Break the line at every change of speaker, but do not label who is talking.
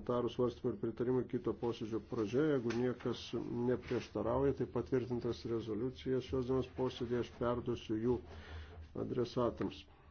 komentarų svarstymą ir pritarimą kito posėdžio pradžioje. Jeigu niekas neprieštarauja, tai patvirtintas rezoliucijas šios dienos posėdėje aš perduosiu jų adresatams.